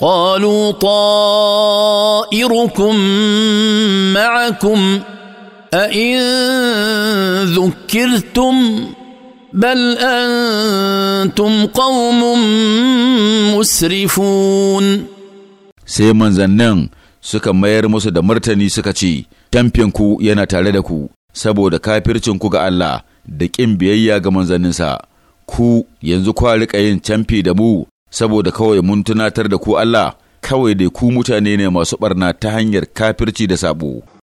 قالوا طائركم معكم أئن ذكرتم بل أنتم قوم مسرفون sai manzannin suka mayar musu da martani suka ce, Tamfinku yana tare da ku, saboda kafircinku ga Allah da ƙin biyayya ga manzanninsa, ku yanzu kwa riƙa yin camfi da mu saboda kawai mun tunatar da ku Allah kawai dai ku mutane ne masu ɓarna ta hanyar kafirci da sabo.